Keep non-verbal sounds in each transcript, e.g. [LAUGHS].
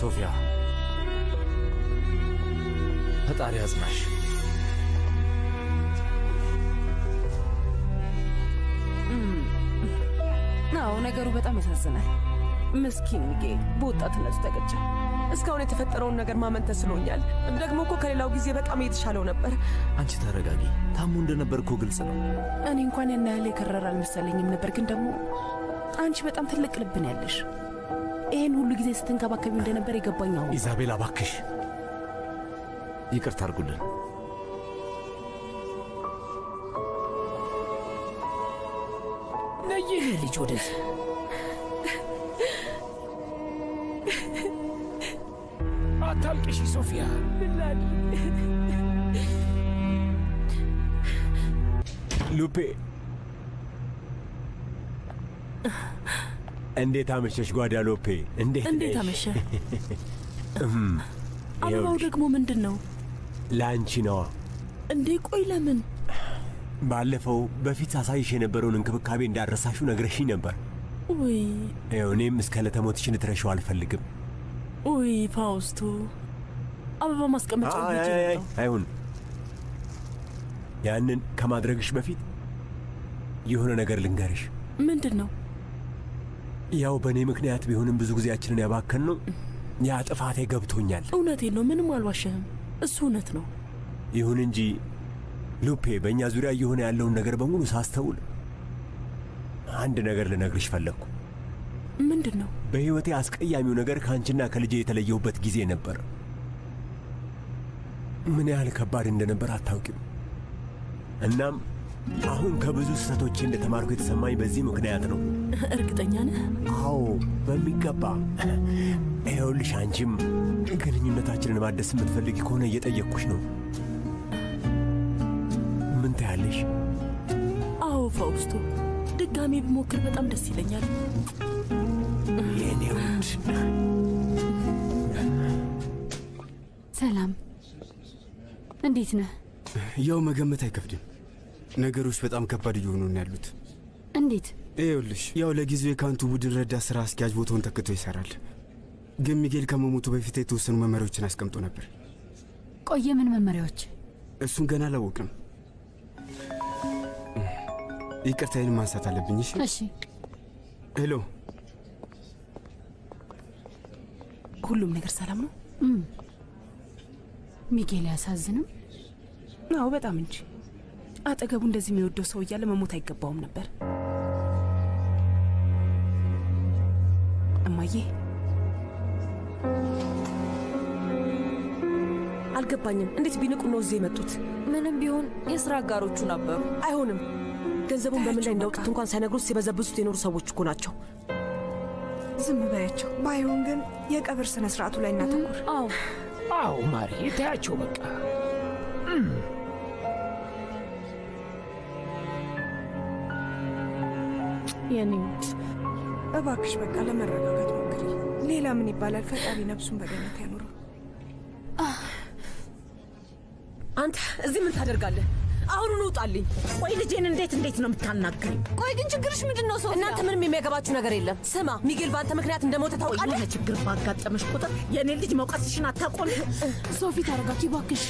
ሶፊያ ፈጣሪ አጽናሽ። አዎ ነገሩ በጣም ያሳዝናል። ምስኪን ጌ በወጣትነቱ ተገጨ። እስካሁን የተፈጠረውን ነገር ማመን ተስኖኛል። ደግሞ እኮ ከሌላው ጊዜ በጣም የተሻለው ነበር። አንቺ ተረጋጊ። ታሞ እንደነበር እኮ ግልጽ ነው። እኔ እንኳን ያን ያህል የከረረ አልመሰለኝም ነበር፣ ግን ደግሞ አንቺ በጣም ትልቅ ልብን ያለሽ ይህን ሁሉ ጊዜ ስትንከባከቢው እንደነበር የገባኝ ኢዛቤል አባክሽ ይቅርታ አድርጉልን። ልጅ ወደዚህ ሶፊያ። ሉፔ እንዴት አመሸሽ ጓዳሎፔ? እንዴት አመሸ? [LAUGHS] አበባው ደግሞ ምንድን ነው? ለአንቺ ነዋ። እንዴ ቆይ ለምን? ባለፈው በፊት ሳሳይሽ የነበረውን እንክብካቤ እንዳረሳሹ ነግረሽኝ ነበር። ውይ እኔም እስከ ለተሞትሽን ትረሸው አልፈልግም። ውይ ፋውስቱ፣ አበባ ማስቀመጫ አይሁን። ያንን ከማድረግሽ በፊት የሆነ ነገር ልንገርሽ። ምንድን ነው? ያው በእኔ ምክንያት ቢሆንም ብዙ ጊዜያችንን ያባከን ነው። ያ ጥፋቴ ገብቶኛል። እውነት ነው፣ ምንም አልዋሸህም። እሱ እውነት ነው። ይሁን እንጂ ሉፔ፣ በእኛ ዙሪያ እየሆነ ያለውን ነገር በሙሉ ሳስተውል አንድ ነገር ልነግርሽ ፈለግኩ። ምንድን ነው? በሕይወቴ አስቀያሚው ነገር ከአንቺና ከልጄ የተለየሁበት ጊዜ ነበር። ምን ያህል ከባድ እንደነበር አታውቂም። እናም አሁን ከብዙ ስህተቶቼ እንደተማርኩ የተሰማኝ በዚህ ምክንያት ነው። እርግጠኛ ነህ? አዎ በሚገባ። ይኸውልሽ አንቺም ግንኙነታችንን ማደስ የምትፈልጊ ከሆነ እየጠየቅኩሽ ነው። ምን ታያለሽ? አዎ ፈውስቱ፣ ድጋሜ ብሞክር በጣም ደስ ይለኛል። የኔ ውድ ሰላም፣ እንዴት ነህ? ያው መገመት አይከብድም። ነገሮች በጣም ከባድ እየሆኑ ነው ያሉት። እንዴት ይኸውልሽ፣ ያው ለጊዜው የካንቱ ቡድን ረዳት ስራ አስኪያጅ ቦታውን ተክቶ ይሰራል። ግን ሚጌል ከመሞቱ በፊት የተወሰኑ መመሪያዎችን አስቀምጦ ነበር። ቆየ፣ ምን መመሪያዎች? እሱን ገና አላወቅም። ይቅርታዬን ማንሳት አለብኝ። እሺ። ሄሎ፣ ሁሉም ነገር ሰላም ነው? ሚጌል አያሳዝንም? አዎ፣ በጣም እንጂ። አጠገቡ እንደዚህ የሚወደው ሰው እያለ መሞት አይገባውም ነበር። እማዬ? አልገባኝም። እንዴት ቢንቁ ነው እዚህ የመጡት? ምንም ቢሆን የስራ አጋሮቹ ነበሩ። አይሆንም። ገንዘቡን በምን ላይ እንዳውጡት እንኳን ሳይነግሩት ሲበዘብዙት የኖሩ ሰዎች እኮ ናቸው። ዝም በያቸው። ባይሆን ግን የቀብር ስነ ስርዓቱ ላይ እናተኩር። አዎ አዎ፣ ማሪ ተያቸው በቃ። የኔ እባክሽ በቃ ለመረጋጋት ሞክሪ። ሌላ ምን ይባላል? ፈጣሪ ነፍሱን በገነት ያኑረው። አንተ እዚህ ምን ታደርጋለህ? አሁኑን ውጣልኝ። ቆይ ልጄን እንዴት እንዴት ነው የምታናግሪኝ? ቆይ ግን ችግርሽ ምንድን ነው? ሰው እናንተ ምንም የሚያገባችሁ ነገር የለም። ስማ ሚጌል በአንተ ምክንያት እንደሞተ ታውቃለህ። ችግር ባጋጠመሽ ቁጥር የእኔን ልጅ መውቀስሽን አታቆም። ሶፊ ታረጋኪ እባክሽ።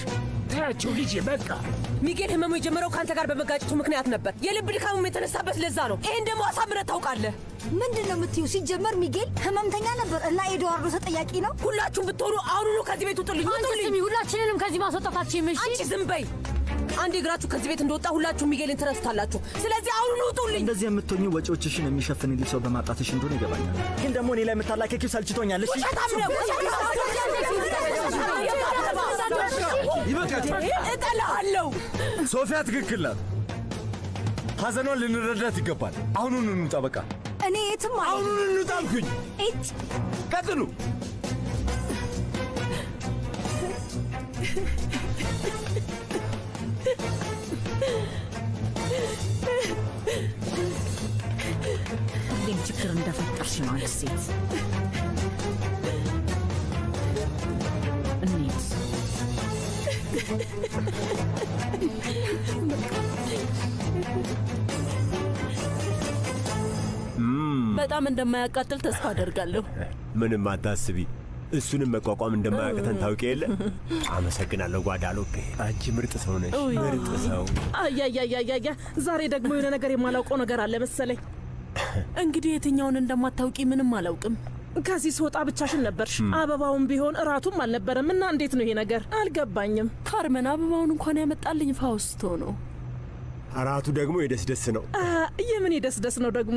ተያቸው ልጄ በቃ። ሚጌል ህመሙ የጀመረው ከአንተ ጋር በመጋጨቱ ምክንያት ነበር። የልብ ድካሙም የተነሳበት ለዛ ነው። ይህን ደግሞ አሳምነት ታውቃለህ። ምንድን ነው የምትይው? ሲጀመር ሚጌል ህመምተኛ ነበር እና ኤድዋርዶ ተጠያቂ ነው። ሁላችሁም ብትሆኑ አሁኑኑ ከዚህ ቤት ውጡልኝ። ስሚ፣ ሁላችንንም ከዚህ ማስወጣታችን ምሽ አንቺ ዝም በይ። አንድ እግራችሁ ከዚህ ቤት እንደወጣ ሁላችሁ ሚጌልን ትረስታላችሁ። ስለዚህ አሁኑኑ ውጡልኝ። እንደዚህ የምትሆኙ ወጪዎችሽን የሚሸፍንልሽ ሰው በማጣትሽ እንደሆነ ይገባኛል። ግን ደግሞ እኔ ላይ የምታላከኪው ሰልችቶኛል። እሺ ይበቃችኋል። እጠላሃለሁ። ሶፊያ ትክክል ናት። ሐዘኗን ልንረዳት ይገባል። አሁኑን እንውጣ። በቃ እኔ የትም አሁኑን እንውጣ አልኩኝ። ቀጥሉ። ሁሌም ችግር እንደፈጠርሽ ነው ሴት በጣም እንደማያቃጥል ተስፋ አደርጋለሁ። ምንም አታስቢ። እሱንም መቋቋም እንደማያቅተን ታውቂ የለ። አመሰግናለሁ ጓዳሎፔ፣ አንቺ ምርጥ ሰው ነሽ፣ ምርጥ ሰው። አያያያያ ዛሬ ደግሞ የሆነ ነገር የማላውቀው ነገር አለ መሰለኝ። [LAUGHS] እንግዲህ የትኛውን እንደማታውቂ ምንም አላውቅም። ከዚህ ስወጣ ብቻሽን ነበርሽ። አበባውን ቢሆን እራቱም አልነበረም። እና እንዴት ነው ይሄ ነገር አልገባኝም። ካርመን አበባውን እንኳን ያመጣልኝ ፋውስቶ ነው። እራቱ ደግሞ የደስደስ ነው። የምን የደስደስ ነው ደግሞ?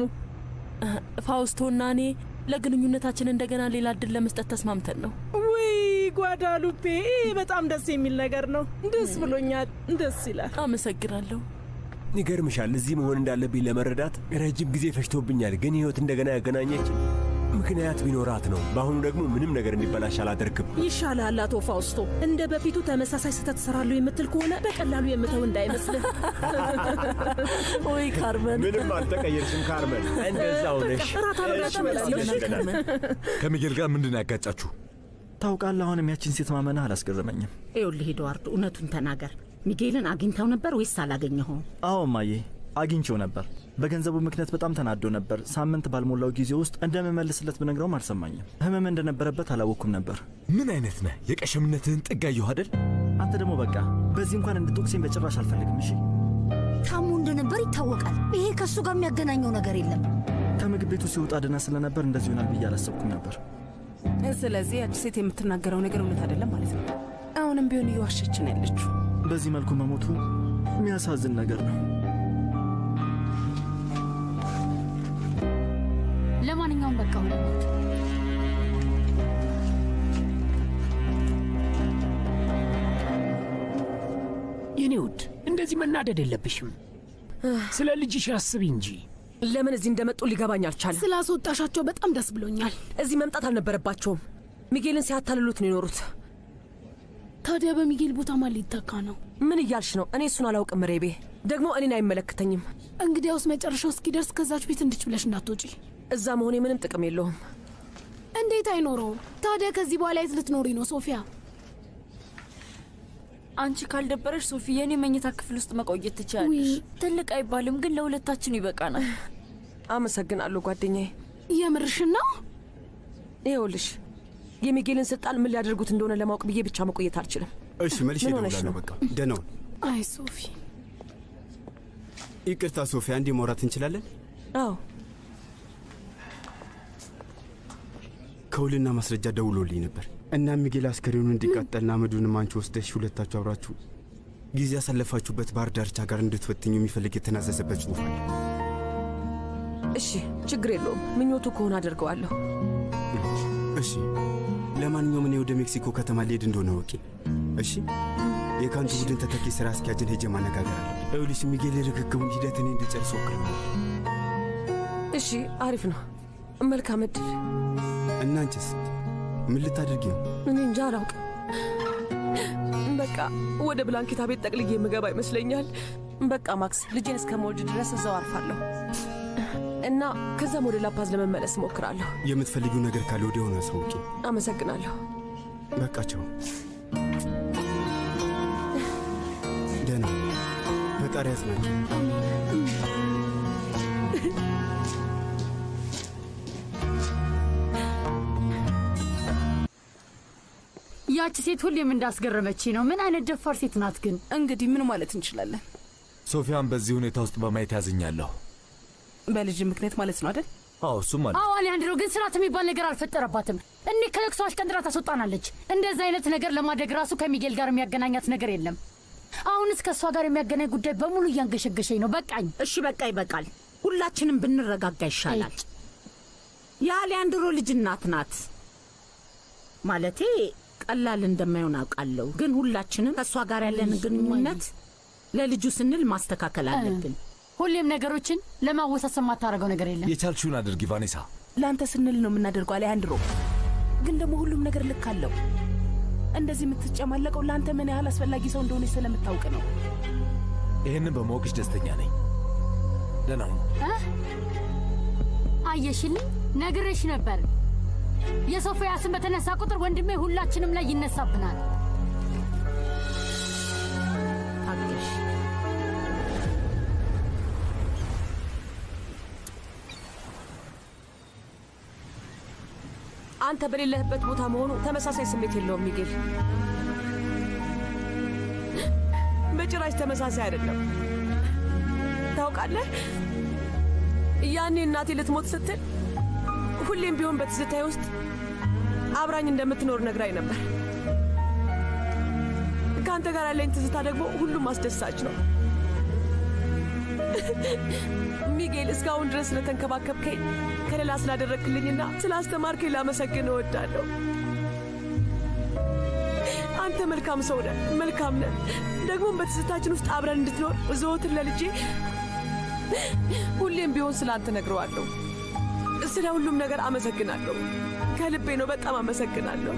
ፋውስቶ እና እኔ ለግንኙነታችን እንደገና ሌላ እድል ለመስጠት ተስማምተን ነው። ውይ ጓዳሉፔ፣ ሉፔ፣ በጣም ደስ የሚል ነገር ነው። ደስ ብሎኛል። ደስ ይላል። አመሰግናለሁ። ይገርምሻል፣ እዚህ መሆን እንዳለብኝ ለመረዳት ረጅም ጊዜ ፈጅቶብኛል። ግን ህይወት እንደገና ያገናኘች ምክንያት ቢኖራት ነው። በአሁኑ ደግሞ ምንም ነገር እንዲበላሽ አላደርግም። ይሻላል አቶ ፋውስቶ፣ እንደ በፊቱ ተመሳሳይ ስህተት ሰራሉ የምትል ከሆነ በቀላሉ የምተው እንዳይመስልህ። ወይ [LAUGHS] ካርመን፣ ምንም አልተቀየርሽም ካርመን፣ እንደዛው ነሽ። ከሚጌል ጋር ምንድን ያጋጫችሁ? ታውቃለህ፣ አሁንም ያችን ሴት ማመና አላስገረመኝም። ይኸውልህ ኤድዋርድ፣ እውነቱን ተናገር። ሚጌልን አግኝተው ነበር ወይስ አላገኘኸውም? አዎ ማዬ አግኝቼው ነበር። በገንዘቡ ምክንያት በጣም ተናዶ ነበር። ሳምንት ባልሞላው ጊዜ ውስጥ እንደምመልስለት ብነግረውም አልሰማኝም። ህመም እንደነበረበት አላወቅኩም ነበር። ምን አይነት ነህ? የቀሸምነትህን ጥጋየሁ አደል። አንተ ደግሞ በቃ በዚህ እንኳን እንድትወቅሴን በጭራሽ አልፈልግም። እሺ ታሞ እንደነበር ይታወቃል። ይሄ ከእሱ ጋር የሚያገናኘው ነገር የለም። ከምግብ ቤቱ ሲወጣ ድና ስለነበር እንደዚህ ይሆናል ብዬ አላሰብኩም ነበር። ስለዚህ ያቺ ሴት የምትናገረው ነገር እውነት አይደለም ማለት ነው። አሁንም ቢሆን እየዋሸችን ያለችው። በዚህ መልኩ መሞቱ የሚያሳዝን ነገር ነው። ለማንኛውም በቃ የኔ ውድ እንደዚህ መናደድ የለብሽም። ስለ ልጅሽ አስቢ እንጂ። ለምን እዚህ እንደመጡ ሊገባኝ አልቻለም። ስላስወጣሻቸው በጣም ደስ ብሎኛል። እዚህ መምጣት አልነበረባቸውም። ሚጌልን ሲያታልሉት ነው የኖሩት። ታዲያ በሚጌል ቦታ ማን ሊተካ ነው? ምን እያልሽ ነው? እኔ እሱን አላውቅም ሬቤ። ደግሞ እኔን አይመለከተኝም። እንግዲያውስ መጨረሻው እስኪደርስ ከዛች ቤት እንድች ብለሽ እንዳትወጪ። እዛ መሆኔ ምንም ጥቅም የለውም። እንዴት አይኖረውም ታዲያ? ከዚህ በኋላ የት ልትኖሪ ነው ሶፊያ? አንቺ ካልደበረሽ ሶፊ፣ የእኔ መኝታ ክፍል ውስጥ መቆየት ትችያለሽ። ትልቅ አይባልም ግን ለሁለታችን ይበቃናል። አመሰግናለሁ ጓደኛዬ። የምርሽን ነው? ይኸውልሽ የሚጌልን ስልጣን ምን ሊያደርጉት እንደሆነ ለማወቅ ብዬ ብቻ መቆየት አልችልም። እሺ መልሽ ነው በቃ ደህናውን። አይ ሶፊ፣ ይቅርታ ሶፊያ፣ እንዲህ መውራት እንችላለን? አዎ ከውልና ማስረጃ ደውሎልኝ ነበር እና ሚጌል አስከሬኑን እንዲቃጠልና አመዱንም አንቺ ወስደሽ ሁለታችሁ አብራችሁ ጊዜ ያሳለፋችሁበት ባህር ዳርቻ ጋር እንድትወትኙ የሚፈልግ የተናዘዘበት ጽሁፍ አለ። እሺ፣ ችግር የለውም። ምኞቱ ከሆነ አደርገዋለሁ። እሺ፣ ለማንኛውም እኔ ወደ ሜክሲኮ ከተማ ሊሄድ እንደሆነ ወቂ። እሺ፣ የካንቱ ቡድን ተተኪ ስራ አስኪያጅን ሄጄ ማነጋገር አለ። እውልሽ ሚጌል ርክክቡን ሂደት እኔ እንድጨርስ እሺ፣ አሪፍ ነው። መልካም እድል። እና ምን ልታደርጊ ነው? እኔ እንጃ አላውቅም። በቃ ወደ ብላንኬታ ቤት ጠቅልዬ የምገባ ይመስለኛል። በቃ ማክስ፣ ልጄን እስከ መወልድ ድረስ እዛው አርፋለሁ እና ከዛም ወደ ላፓዝ ለመመለስ እሞክራለሁ። የምትፈልጊው ነገር ካለ ወዲያውኑ አሳውቂ። አመሰግናለሁ። በቃቸው። ደህና ፈጣሪ ያጽናቸው። ያቺ ሴት ሁሌም እንዳስገረመች ነው። ምን አይነት ደፋር ሴት ናት ግን? እንግዲህ ምን ማለት እንችላለን? ሶፊያን በዚህ ሁኔታ ውስጥ በማየት ያዝኛለሁ። በልጅ ምክንያት ማለት ነው አይደል? አዎ እሱም አለ። አዎ። አሊያንድሮ ግን ስርዓት የሚባል ነገር አልፈጠረባትም። እኔ ከለቅሰዋች ቀንድራ ታስወጣናለች። እንደዚህ አይነት ነገር ለማድረግ ራሱ ከሚጌል ጋር የሚያገናኛት ነገር የለም። አሁንስ ከእሷ ጋር የሚያገናኝ ጉዳይ በሙሉ እያንገሸገሸኝ ነው። በቃኝ። እሺ በቃ ይበቃል። ሁላችንም ብንረጋጋ ይሻላል። የአሊያንድሮ ልጅ እናት ናት ማለቴ ቀላል እንደማይሆን አውቃለሁ፣ ግን ሁላችንም ከእሷ ጋር ያለን ግንኙነት ለልጁ ስንል ማስተካከል አለብን። ሁሌም ነገሮችን ለማወሳሰብ የማታደርገው ነገር የለም። የቻልሽውን አድርጊ ቫኔሳ። ለአንተ ስንል ነው የምናደርገው አሌሃንድሮ። ግን ደግሞ ሁሉም ነገር ልክ አለው። እንደዚህ የምትጨማለቀው ለአንተ ምን ያህል አስፈላጊ ሰው እንደሆነች ስለምታውቅ ነው። ይህንን በማወቅሽ ደስተኛ ነኝ። ደህና አየሽልኝ፣ ነግሬሽ ነበር። የሶፊያ ስም በተነሳ ቁጥር ወንድሜ ሁላችንም ላይ ይነሳብናል። አንተ በሌለህበት ቦታ መሆኑ ተመሳሳይ ስሜት የለውም ሚጌል። በጭራሽ ተመሳሳይ አይደለም። ታውቃለህ፣ ያኔ እናቴ ልትሞት ስትል ሁሌም ቢሆን በትዝታይ ውስጥ አብራኝ እንደምትኖር ነግራኝ ነበር። ከአንተ ጋር ያለኝ ትዝታ ደግሞ ሁሉም አስደሳች ነው። ሚጌል፣ እስካሁን ድረስ ስለተንከባከብከኝ፣ ከሌላ ስላደረግክልኝና ስላስተማርከኝ ላመሰግን እወዳለሁ። አንተ መልካም ሰው ነ መልካም ነ ደግሞም በትዝታችን ውስጥ አብረን እንድትኖር ዘወትን ለልጄ ሁሌም ቢሆን ስለ አንተ ነግረዋለሁ። ስለ ሁሉም ነገር አመሰግናለሁ። ከልቤ ነው። በጣም አመሰግናለሁ።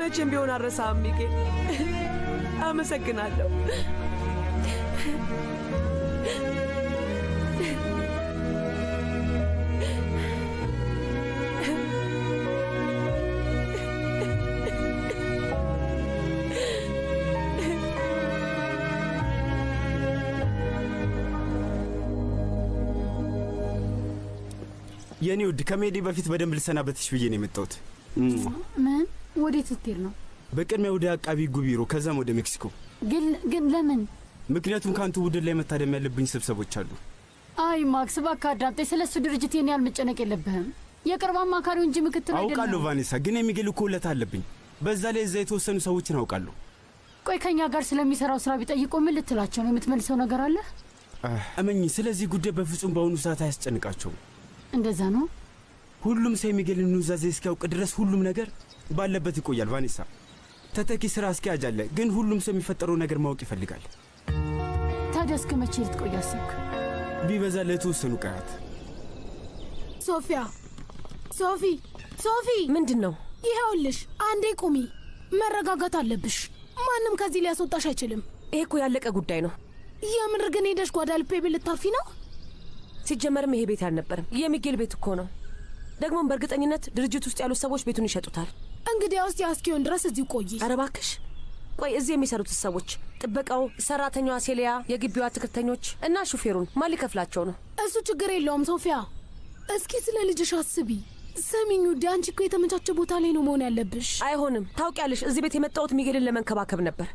መቼም ቢሆን አረሳ ሚጌ። አመሰግናለሁ። የኔ ውድ ከመሄዴ በፊት በደንብ ልሰናበትሽ ብዬ ነው የመጣሁት። ምን? ወዴት ስትሄድ ነው? በቅድሚያ ወደ አቃቢ ጉቢሮ ቢሮ፣ ከዛም ወደ ሜክሲኮ። ግን ግን ለምን? ምክንያቱም ከአንቱ ቡድን ላይ መታደም ያለብኝ ስብሰቦች አሉ። አይ ማክስ እባክህ አዳምጠኝ። ስለ እሱ ድርጅት ይህን ያህል መጨነቅ የለብህም። የቅርብ አማካሪው እንጂ ምክትል አውቃለሁ ቫኔሳ፣ ግን የሚገል እኮ ውለታ አለብኝ። በዛ ላይ እዛ የተወሰኑ ሰዎችን አውቃለሁ። ቆይ ከእኛ ጋር ስለሚሰራው ስራ ቢጠይቁ ምን ልትላቸው ነው? የምትመልሰው ነገር አለ? እመኝ፣ ስለዚህ ጉዳይ በፍጹም በአሁኑ ሰዓት አያስጨንቃቸውም። እንደዛ ነው። ሁሉም ሰው የሚገልን ኑዛዜ እስኪያውቅ ድረስ ሁሉም ነገር ባለበት ይቆያል። ቫኔሳ ተተኪ ስራ አስኪያጅ አለ፣ ግን ሁሉም ሰው የሚፈጠረው ነገር ማወቅ ይፈልጋል። ታዲያ እስከ መቼ ልትቆይ አሰብክ? ቢበዛ ለተወሰኑ ቀናት። ሶፊያ፣ ሶፊ፣ ሶፊ፣ ምንድን ነው? ይኸውልሽ፣ አንዴ ቁሚ። መረጋጋት አለብሽ። ማንም ከዚህ ሊያስወጣሽ አይችልም። ይሄ እኮ ያለቀ ጉዳይ ነው። የምር ግን ሄደሽ ጓዳልፔ ልታርፊ ነው? ሲጀመርም ይሄ ቤት አልነበርም፣ የሚጌል ቤት እኮ ነው። ደግሞም በእርግጠኝነት ድርጅት ውስጥ ያሉት ሰዎች ቤቱን ይሸጡታል። ውስጥ እስኪሆን ድረስ እዚህ ቆይ። ኧረ እባክሽ ቆይ። እዚህ የሚሰሩት ሰዎች ጥበቃው፣ ሰራተኛዋ ሴሊያ፣ የግቢዋ አትክልተኞች እና ሹፌሩን ማን ሊከፍላቸው ነው? እሱ ችግር የለውም ሶፊያ። እስኪ ስለ ልጅሽ አስቢ። ሰሚኙ ዳንቺ እኮ የተመቻቸ ቦታ ላይ ነው መሆን ያለብሽ። አይሆንም። ታውቂያለሽ፣ እዚህ ቤት የመጣሁት ሚጌልን ለመንከባከብ ነበር።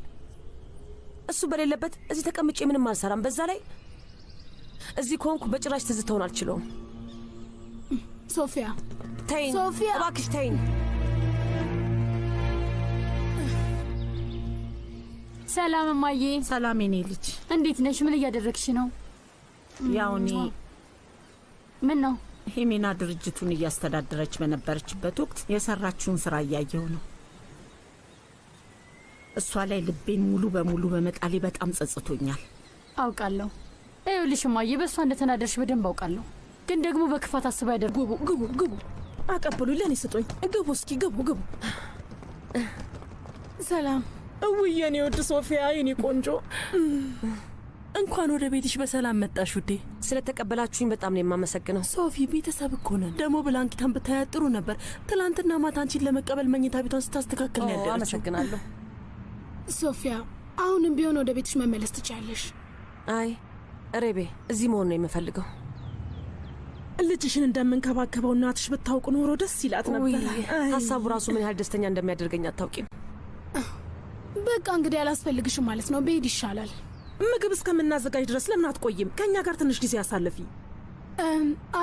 እሱ በሌለበት እዚህ ተቀምጬ ምንም አልሰራም። በዛ ላይ እዚህ ከሆንኩ በጭራሽ ትዝተውን አልችለውም። ሶፊያ ተይኝ፣ ሶፊያ እባክሽ ተይኝ። ሰላም እማዬ። ሰላም የኔ ልጅ፣ እንዴት ነሽ? ምን እያደረግሽ ነው? ያው እኔ ምን ነው ሄሜና ድርጅቱን እያስተዳደረች በነበረችበት ወቅት የሰራችውን ስራ እያየው ነው። እሷ ላይ ልቤን ሙሉ በሙሉ በመጣሌ በጣም ጸጽቶኛል። አውቃለሁ ይኸውልሽ እማዬ፣ በእሷ እንደተናደርሽ በደንብ አውቃለሁ። ግን ደግሞ በክፋት አስባ ያደር ግቡ፣ ግቡ፣ ግቡ። አቀበሉ ለእኔ ስጡኝ። ግቡ እስኪ ግቡ፣ ግቡ። ሰላም እውየኔ፣ የኔ ውድ ሶፊያ፣ የኔ ቆንጆ፣ እንኳን ወደ ቤትሽ በሰላም መጣሽ ውዴ። ስለተቀበላችሁኝ በጣም ነው የማመሰግነው። ሶፊ፣ ቤተሰብ እኮ ነን። ደግሞ ብላንኪታን ብታያት ጥሩ ነበር። ትላንትና ማታ አንቺን ለመቀበል መኝታ ቤቷን ስታስተካክል ያለ። አመሰግናለሁ ሶፊያ። አሁንም ቢሆን ወደ ቤትሽ መመለስ ትችያለሽ። አይ ሬቤ እዚህ መሆን ነው የምፈልገው። ልጅሽን እንደምንከባከበው እናትሽ ብታውቅ ኖሮ ደስ ይላት ነበር። ሀሳቡ ራሱ ምን ያህል ደስተኛ እንደሚያደርገኝ አታውቂም። በቃ እንግዲህ አላስፈልግሽም ማለት ነው፣ ብሄድ ይሻላል። ምግብ እስከምናዘጋጅ ድረስ ለምን አትቆይም? ከእኛ ጋር ትንሽ ጊዜ አሳልፊ።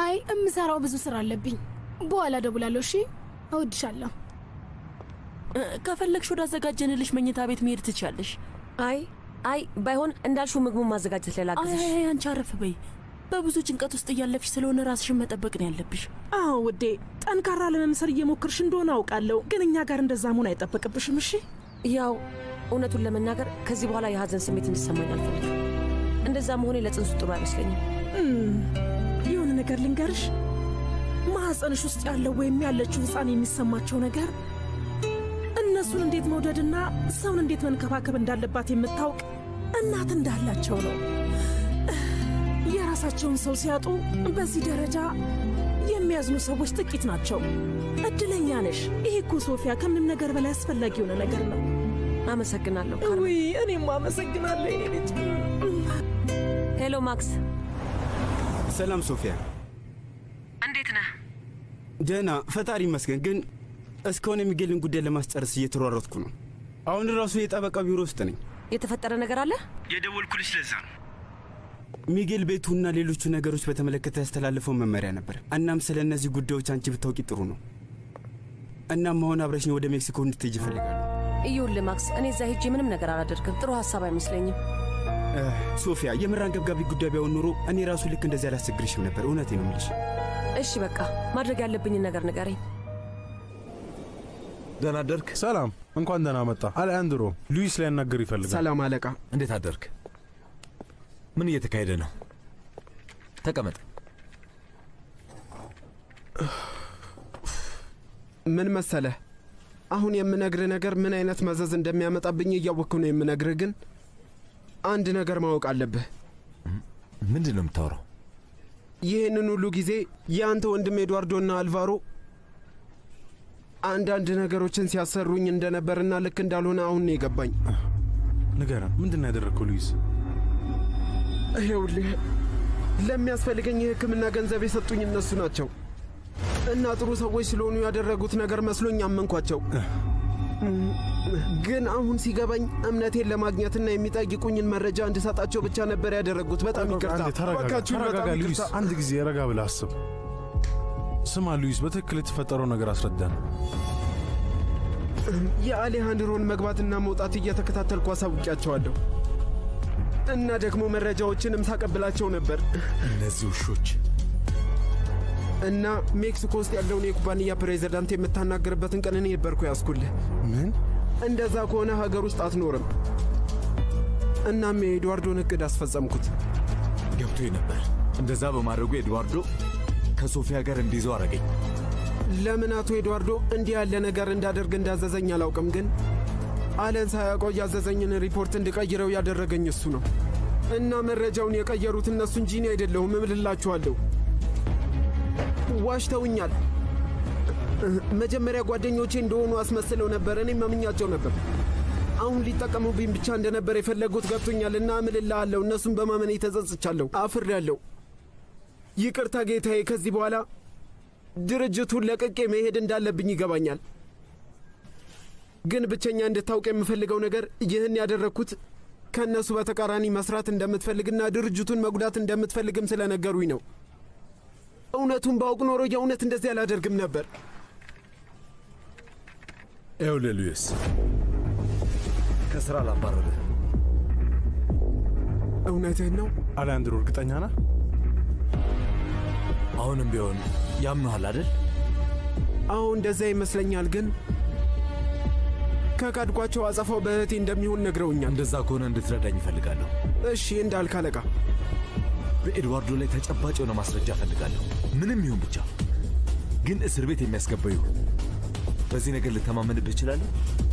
አይ የምሰራው ብዙ ስራ አለብኝ። በኋላ ደውላለሁ። እሺ፣ እወድሻለሁ። ከፈለግሽ ወዳዘጋጀንልሽ መኝታ ቤት መሄድ ትችያለሽ። አይ አይ ባይሆን እንዳልሹ ምግቡን ማዘጋጀት ላይ አይ አንቺ አረፍ በይ። በብዙ ጭንቀት ውስጥ እያለፍሽ ስለሆነ ራስሽን መጠበቅ ነው ያለብሽ። አዎ ውዴ፣ ጠንካራ ለመምሰል እየሞክርሽ እንደሆነ አውቃለሁ፣ ግን እኛ ጋር እንደዛ መሆን አይጠበቅብሽም። እሺ፣ ያው እውነቱን ለመናገር ከዚህ በኋላ የሀዘን ስሜት እንዲሰማኝ አልፈልግም። እንደዛ መሆኔ ለጽንሱ ጥሩ አይመስለኝም። የሆነ ነገር ልንገርሽ፣ ማህፀንሽ ውስጥ ያለው ወይም ያለችው ህፃን የሚሰማቸው ነገር እሱን እንዴት መውደድና ሰውን እንዴት መንከባከብ እንዳለባት የምታውቅ እናት እንዳላቸው ነው። የራሳቸውን ሰው ሲያጡ በዚህ ደረጃ የሚያዝኑ ሰዎች ጥቂት ናቸው። እድለኛ ነሽ። ይህ እኮ ሶፊያ ከምንም ነገር በላይ አስፈላጊ የሆነ ነገር ነው። አመሰግናለሁ። ውይ እኔም አመሰግናለሁ የኔ ልጅ። ሄሎ ማክስ። ሰላም ሶፊያ፣ እንዴት ነህ? ደህና፣ ፈጣሪ ይመስገን ግን እስካሁን የሚገልን ጉዳይ ለማስጨርስ እየተሯረጥኩ ነው። አሁን ራሱ የጠበቃ ቢሮ ውስጥ ነኝ። የተፈጠረ ነገር አለ? የደወልኩልሽ ለዛ ነው። ሚጌል ቤቱና ሌሎቹ ነገሮች በተመለከተ ያስተላለፈው መመሪያ ነበር። እናም ስለ እነዚህ ጉዳዮች አንቺ ብታውቂ ጥሩ ነው። እናም አሁን አብረሽኝ ወደ ሜክሲኮ እንድትሄጂ ይፈልጋሉ። ይኸውልህ ማክስ፣ እኔ እዛ ሄጄ ምንም ነገር አላደርግም። ጥሩ ሀሳብ አይመስለኝም። ሶፊያ፣ የምር አንገብጋቢ ጉዳይ ቢሆን ኖሮ እኔ ራሱ ልክ እንደዚህ አላስቸግርሽም ነበር። እውነቴን ነው የምልሽ። እሺ በቃ ማድረግ ያለብኝን ነገር ንገረኝ። ደህና አደርክ። ሰላም፣ እንኳን ደህና መጣ። አልአንድሮ ሉዊስ ሊያናግር ይፈልጋል። ሰላም አለቃ፣ እንዴት አደርክ? ምን እየተካሄደ ነው? ተቀመጥ። ምን መሰለህ፣ አሁን የምነግርህ ነገር ምን አይነት መዘዝ እንደሚያመጣብኝ እያወቅኩ ነው የምነግርህ። ግን አንድ ነገር ማወቅ አለብህ። ምንድን ነው የምታወራው? ይህንን ሁሉ ጊዜ የአንተ ወንድም ኤድዋርዶና አልቫሮ አንዳንድ ነገሮችን ሲያሰሩኝ እንደነበርና ልክ እንዳልሆነ አሁን ነው የገባኝ። ንገረን፣ ምንድን ነው ያደረግከው ሉዊስ? ይኸውልህ ለሚያስፈልገኝ የሕክምና ገንዘብ የሰጡኝ እነሱ ናቸው እና ጥሩ ሰዎች ስለሆኑ ያደረጉት ነገር መስሎኝ አመንኳቸው። ግን አሁን ሲገባኝ እምነቴን ለማግኘትና የሚጠይቁኝን መረጃ እንድሰጣቸው ብቻ ነበር ያደረጉት። በጣም ይቅርታ። አንድ ጊዜ ረጋ ብለህ አስብ። ስማ ሉዊስ፣ በትክክል የተፈጠረው ነገር አስረዳን። የአሌሃንድሮን መግባትና መውጣት እየተከታተልኩ አሳውቂያቸዋለሁ እና ደግሞ መረጃዎችንም ታቀብላቸው ነበር። እነዚህ ውሾች እና ሜክሲኮ ውስጥ ያለውን የኩባንያ ፕሬዚዳንት የምታናገርበትን ቀን እኔ ነበርኩ ያስኩልህ። ምን? እንደዛ ከሆነ ሀገር ውስጥ አትኖርም። እናም የኤድዋርዶን እቅድ አስፈጸምኩት። ገብቶ ነበር። እንደዛ በማድረጉ ኤድዋርዶ ከሶፊያ ጋር እንዲዞ አረገኝ። ለምን አቶ ኤድዋርዶ እንዲህ ያለ ነገር እንዳደርግ እንዳዘዘኝ አላውቅም፣ ግን አለን ሳያቆይ ያዘዘኝን ሪፖርት እንድቀይረው ያደረገኝ እሱ ነው እና መረጃውን የቀየሩት እነሱ እንጂ እኔ አይደለሁም። እምልላችኋለሁ፣ ዋሽተውኛል። መጀመሪያ ጓደኞቼ እንደሆኑ አስመስለው ነበር። እኔ መምኛቸው ነበር። አሁን ሊጠቀሙብኝ ብቻ እንደነበር የፈለጉት ገብቶኛል። እና እምልልሃለሁ፣ እነሱን በማመን ተጸጽቻለሁ፣ አፍሬያለሁ። ይቅርታ ጌታዬ፣ ከዚህ በኋላ ድርጅቱን ለቅቄ መሄድ እንዳለብኝ ይገባኛል። ግን ብቸኛ እንድታውቅ የምፈልገው ነገር ይህን ያደረግኩት ከእነሱ በተቃራኒ መስራት እንደምትፈልግና ድርጅቱን መጉዳት እንደምትፈልግም ስለነገሩኝ ነው። እውነቱን ባውቅ ኖሮ የእውነት እንደዚህ አላደርግም ነበር። ኤውልህ ሉዊስ ከሥራ አላባረረ። እውነትህን ነው አሊያንድሮ? እርግጠኛ ና አሁንም ቢሆን ያምኗል አይደል? አሁን እንደዛ ይመስለኛል። ግን ከቀድጓቸው አጸፋው በእህቴ እንደሚሆን ነግረውኛል። እንደዛ ከሆነ እንድትረዳኝ እፈልጋለሁ። እሺ እንዳልክ አለቃ። በኤድዋርዶ ላይ ተጨባጭ የሆነ ማስረጃ እፈልጋለሁ። ምንም ይሁን ብቻ ግን እስር ቤት የሚያስገባ ይሁን። በዚህ ነገር ልተማመንብህ እችላለሁ።